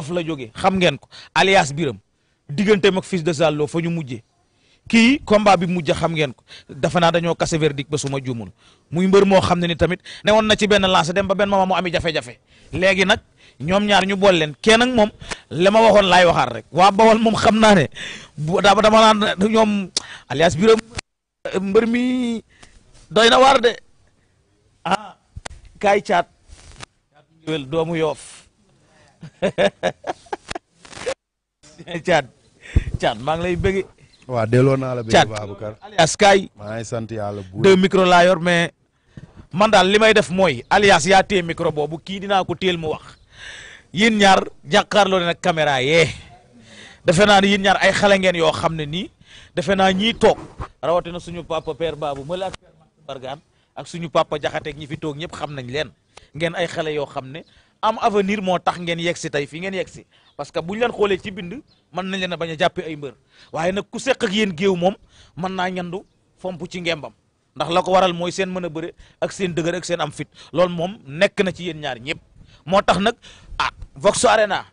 Yoff la jógee xam ngeen ko alias Biram diggante ak fils de Zallo fa ñu mujjee kii combat bi mujj xam ngeen ko dafa naa dañoo kase verdict ba su ma muy mbër moo xam ne ni tamit ne woon na ci benn lancé dem ba benn moment mu ami jafe-jafe léegi nag ñoom ñaar ñu bool leen kenn moom la ma waxoon laay waxaat rek waa Bawol moom xam naa ne bu dama naan ñoom alias Biram mbër mi doy na waar de ah kaay caat doomu yoof caat caat maa ngi lay bëgg. waaw delloo naa la bëgg Babacar alias sant yàlla bu deux micro laa yor mais man daal li may def mooy alias yaa téye micro boobu kii dinaa ko téel mu wax yéen ñaar jàkkaarloo leen ak caméra yee defe naa ne yéen ñaar ay xale ngeen yoo xam ne nii defe naa ñiy toog rawatina suñu papa père Babou Mbale ak ak suñu papa Jaxate ñi fi toog ñëpp xam nañ leen ngeen ay xale yoo xam ne am avenir moo tax ngeen yegg si tey fii ngeen yegg si parce que bu ñu leen xoolee ci bindu mën nañ leen a bañ a jàppee ay mbër waaye nag ku seq ak yéen géew moom mën naa ñandu fomp ci ngembam ndax la ko waral mooy seen mën a bëre ak seen dëgër ak seen am fit loolu moom nekk na ci yéen ñaar ñëpp moo tax nag ah Vox Arena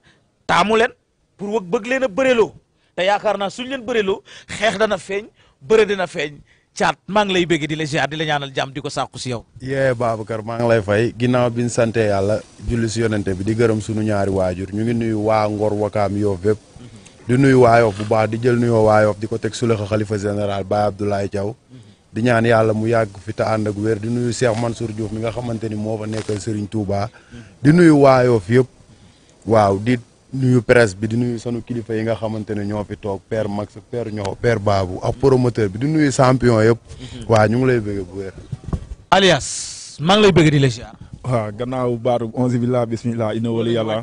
taamu leen pour bëgg leen a bëreloo te yaakaar naa suñ leen bëreloo xeex dana feeñ bëre dina feeñ caat maa ngi lay bëgg di la ziar di la ñaanal jàmm di ko sàkku si yow. yee Babacar maa ngi lay fay ginnaaw bi ñu sante yàlla julli si yonente bi di gërëm sunu ñaari waajur ñu ngi nuyu waa Ngor Wakaam Yoof bépp di nuyu waa Yoof di jël nuyoo waa di ko teg su loxo xalifa général Baye Abdoulaye Thiaw di ñaan yàlla mu yàgg fi te ànd ak wér di nuyu Cheikh Mansour Diouf mi nga xamante ni moo fa nekk nekkal Serigne Touba di nuyu waa Yoof yëpp waaw di. nuyu presse bi di nuyu sunu kilifa yi nga xamante ne ñoo fi toog père Max père ñoxo père Babou ak promoteur bi di nuyu sampion yëpp. Mhm. waa ñu ngi lay bëgg bu wér. alias maa ngi lay bëgg di la ziar. waaw gannaaw baatu onze billah bismillah inna wali yàlla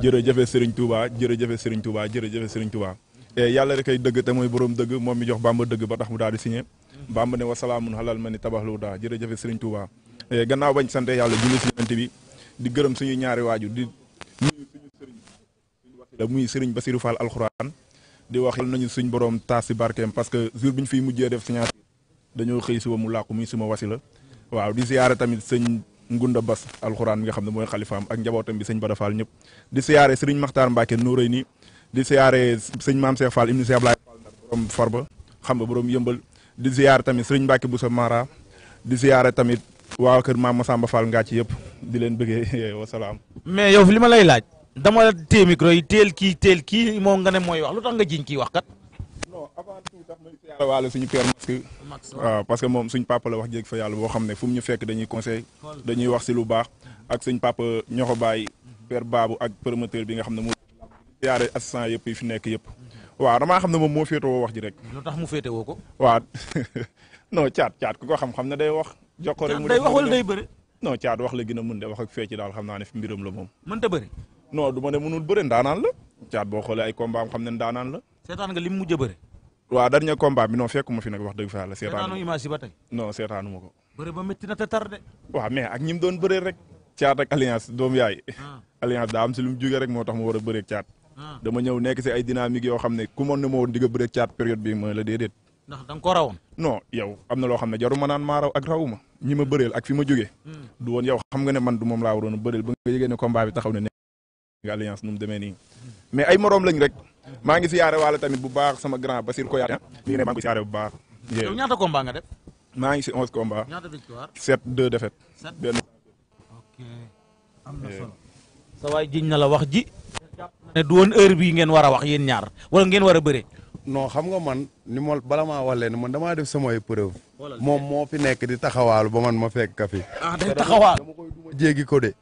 jërëjëf Serigne Touba jërëjëf Serigne Touba jërëjëf Serigne Touba. E, yàlla rek ay dëgg te mooy borom dëgg moom mi jox Bamba dëgg ba tax mu daal di signé. Bamba ne wasalaamun xalal ma ni tabax lu daa jërëjëf Serigne Touba. E, gannaaw bañ sante yàlla julli si bi di gërëm suñu ñaari waaju la muy Serigne Bassirou Fall alxuraan di wax yal nañu suñ borom taas si barkeem parce que jour bi ñu fiy mujjee def signature dañoo xëy suba mu làqu muy suma wasila waaw di siyaare tamit sëñ Ngunda Bas alxuraan mi nga xam ne mooy xalifaam ak njabootam bi sëñ Bada Fall ñëpp di siyaare Serigne Makhtar Mbacke Nouré nii di siyaare sëñ Maam Cheikh Fall Ibn Cheikh Ablaye Fall nag borom farba xam yëmbal di siyaare tamit Serigne Mbacke Boussa Mara di siyaare tamit waa kër Maam Masamba Fall ngaa ci yëpp di leen bëggee wasalaam. mais yow li ma lay laaj. dama téye micro yi teel kii teel kii moom nga ne mooy wax lu tax nga jiñ kii wax kat. non waale suñu père Max waaw parce que moom suñ papa wax jéeg fa yàlla boo xam ne fu ñu fekk dañuy conseil dañuy wax si lu baax ak suñ papa ñoo ko bàyyi père ak promoteur bi nga xam ne moo siyaare assistant yëpp yi fi nekk yëpp waaw damaa xam ne moom moo féetewoo wax ji rek. lu tax mu féetewoo ko. waaw non caat caat ku ko xam-xam ne day wax. jox ko rek mu day wax wala day bëri. no caat wax la gën a mun de wax ak fecc daal xam naa ne fi mbiram la moom. mënta bëri. non du ma ne mënul bëre ndaanaan la caat boo xoolee ay combat am xam ne ndaanaan la. seetaan nga lim mu jëbëre. waaw dernier combat bi non rek. caat alliance doom yaay. Ah. alliance daa am si lu mu rek moo tax mu war a caat. Ah. dama ñëw nekk si ay dynamique yoo xam ne ku mën ne ma woon di caat période bi ma la déedéet. ndax da ko rawoon. non yow am na loo xam ne jaru naan maa raw ak rawuma ñi ma ak fi ma jógee. Hmm. du woon yow xam nga ne man du moom laa waroon a alliance nu mu demee nii mais ay morom lañ rek maa ngi siyaare waale tamit bu baax sama grand ba Koyaate ko ne maa ngi siyaare bu baax. yow ñaata combat nga def. maa ngi si onze combat. ñaata victoire. sept deux défaites. sept benn. ok am na solo. sa jiñ na la wax ji. ne du woon heure bii ngeen war a wax yéen ñaar wala ngeen war a bëree. non xam nga man ni ma bala maa wax leen man damaa def samay preuve moom moo fi nekk di taxawaalu ba man ma fekk fi. ah day taxawaal dama koy ko de.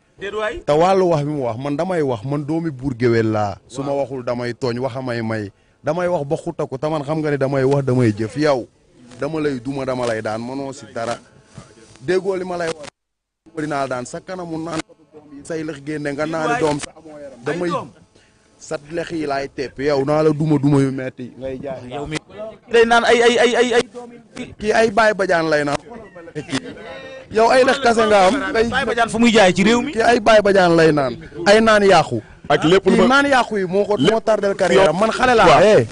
te wàllu wax bi mu wax man damay wax man doomi buur géwél laa. su ma waxul damay tooñ waxamay may damay wax ba ko te man xam nga ne damay wax damay jëf yaw dama lay duma dama lay daan mënoo si dara déggoo li ma lay wax. dinaa daan sa kanamu naan say lex génne nga naani doom sa amoo damay sat lex yi laay tepp yow naa la duma duma yu metti ngay jaay yow mi ay kii ay baay bajaan lay naan yow ay lex kase nga am. ay baay bajaan muy jaay ci réew mi. kii ay baay bajaan lay naan ay naan yàqu. ak lépp lu naan yàqu yi moo ko moo tardel carrière man xale laa. Eh.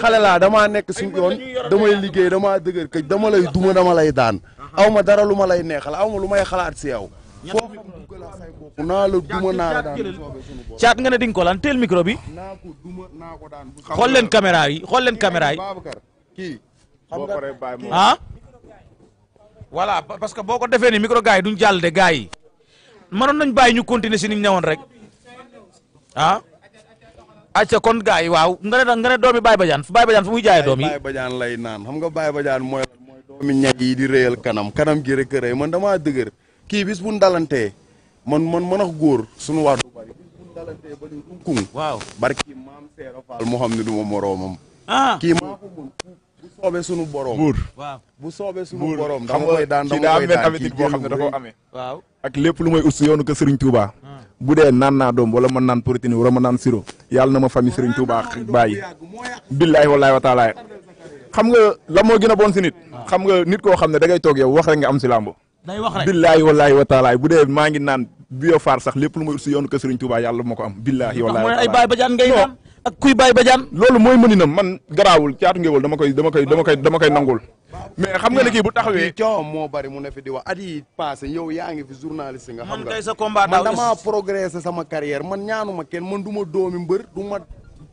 xale laa damaa nekk suñu yoon damay liggéey damaa dëgër këj dama lay duma dama lay daan aw ma dara lu ma lay neexal aw ma lu may xalaat si yow. foo xam a say naa la duma naa la daan caat nga ne di nga ko lan teel micro bi. naa ko ko daan. xool leen caméra yi xool leen caméra yi. kii xam nga ah. voilà parce que boo ko defee ni micro gars yi duñ jàll de gars yi mënoon nañ bàyyi ñu continuer si ni ñu newoon rek ah. acca kon gars yi waaw nga ne nga ne doomi Baye Badiane fu Baye Badiane fu muy jaayee doom yi Baye Badiane lay naan xam nga Baye Badiane mooy mooy doomi ñag yi di réyal kanam kanam gi rek rëy man damaa dëgër kii bis bu ndalantee man man mën a góor suñu waatu du bari bis bu ndalantee moo xam ne du ma moroomam ah. kii soobee sunu borom. buur bu soobee sunu borom. dama koy daan dama koy daan ci boo xam ne da ak lépp lu may ut si yoonu kër Serigne Touba. Hmm. bu dee naan naa doom wala ma naan protéine wala ma naan sirop yàlla na ma famille Serigne Touba bàyyi. billahi wallahi wa taala xam nga la moo gën a bon si nit. Hmm. xam nga nit koo xam ne da ngay toog yow wax rek nga am si lambo. day wax rek billahi wallahi wa taala bu dee maa ngi naan bio faar sax lépp lu may ut si yoonu kër Serigne Touba yàlla ma ko am. billahi wallahi wa taala baay ba ak kuy bàyyi ba jaan loolu mooy mëninam man garaawul caatu ngéwél dama koy dama koy dama koy dama koy nangul mais xam nga ne kii bu taxawee coow moo bari mu ne fi di wax at yi passé yow yaa ngi fi journaliste nga xam nga tey sa combat daaw dama progressé sama carrière man ñaanuma kenn man du ma doomi mbër du ma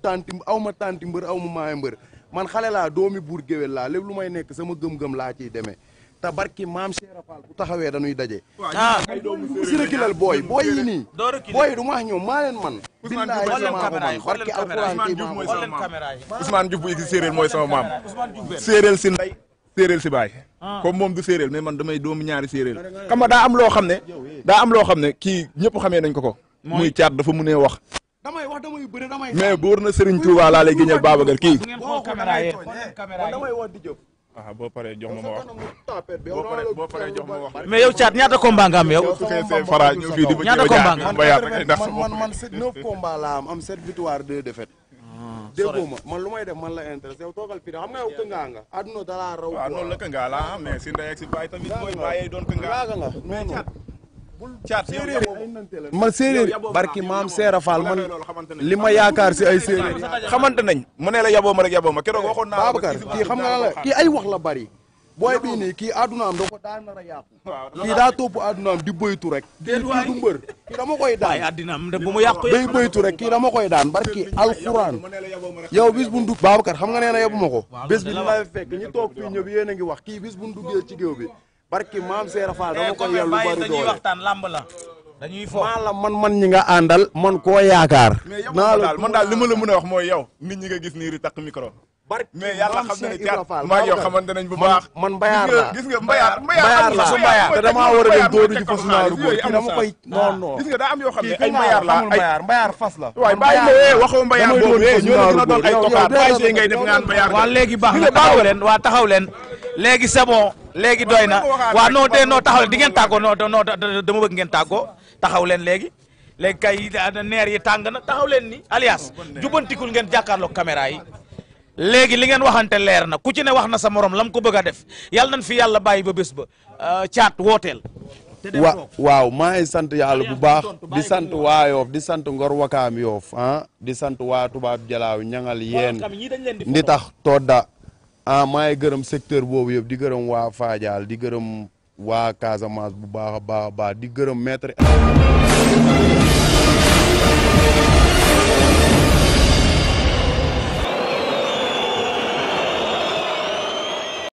tanti aw ma tanti mbër aw ma maay mbër man xale laa doomi buur géwel laa lépp lu may nekk sama gëm-gëm laa ciy demee te barki maam Cheikh Rafal bu taxawee dañuy daje. ah si rëkkilal booy booy yi nii. booy yi du ma wax ñoom maa man. billaay sama maam barki alquran kii maam Ousmane Diouf bu igi séeréer mooy sama maam. séeréer si ndey séeréer si baay. comme moom du séeréer mais man damay doom ñaari séeréer. xam nga daa am loo xam ne. daa am loo xam ne kii ñëpp xamee nañ ko ko. muy caat dafa munee wax. damay wax damay bëre damay. mais na Serigne Touba laa lay génneel Babacar kii. damay wax di jóg ah boo paree jox ma ma wax boo paree jox ma wax. mais yow Thiat ñaata combat am yow. ñaata combat nga am man man neuf combat laa am am sept victoire deux défaites. Ah, déggoo ma man lu may def man la intéressé yow toogal fii xam nga yow këngaa nga àdduna dalaa raw. waaw ah, la këngaa laa mais si ndey ak si baay tamit mooy baay doon këngaa. mais caat séeréer man séeréer barki maam Seera Fall man li ma yaakaar si ay séeréer xamante nañ mu ne la yaboo ma rek yaboo ma keroog waxoon naa Babacar ay wax la bari booy bii nii kii am da ko daa nar a yàqu kii daa topp àdduna am di bëytu rek kii du mbër kii dama koy daan day bëytu rek kii dama koy daan barki alxuraan nga nee na yabu ma ko bés bi ñu ngi wax kii bis bu duggee ci bi barki maam Seera Fall dama eh, koy yàllu bari doole waxtaan lamb la maa la man man ñi nga àndal man koo yaakaar. naa la man daal li ma la mën a wax mooy yow nit ñi nga gis nii di takk micro. barke mais yàlla xam na ne Thiat maa ngi yow xamante nañ bu baax man mbayaar laa gis nga mbayaar mbayaar laa mbayaar te damaa war a dem doodu ji góor kii dama koy non non gis am yoo xam ne ay mbayaar laa ay mbayaar fas la waaye bàyyi ma waxoo mbayaar boobu ñoo la gën a doon ay tokaat bàyyi see ngay def ngaan mbayaar léegi baax na taxaw waa taxaw leen léegi c'est bon léegi doy na waa non de non taxaw di ngeen tàggoo non non dama bëgg ngeen tàggoo taxaw leen léegi léegi kay neer yi tàng na taxaw leen ni alias jubantikul ngeen jàkkaarloo caméra yi léegi li ngeen waxante leer na ku ci ne wax na sa morom lam ko bëgg def yàlla nañ fi yàlla bàyyi ba bés ba euh, caat wooteel. wa waaw maa ngi sant yàlla bu baax di sant waa yoof di sant ngor wakaam yoof ah di sant waa tubaab jalaaw ñagal yeen ndi tax todda ah maa ngi gërëm secteur boobu yëpp di gërëm waa Fadial di gërëm waa Casamance bu baax a baax a baax di gërëm maître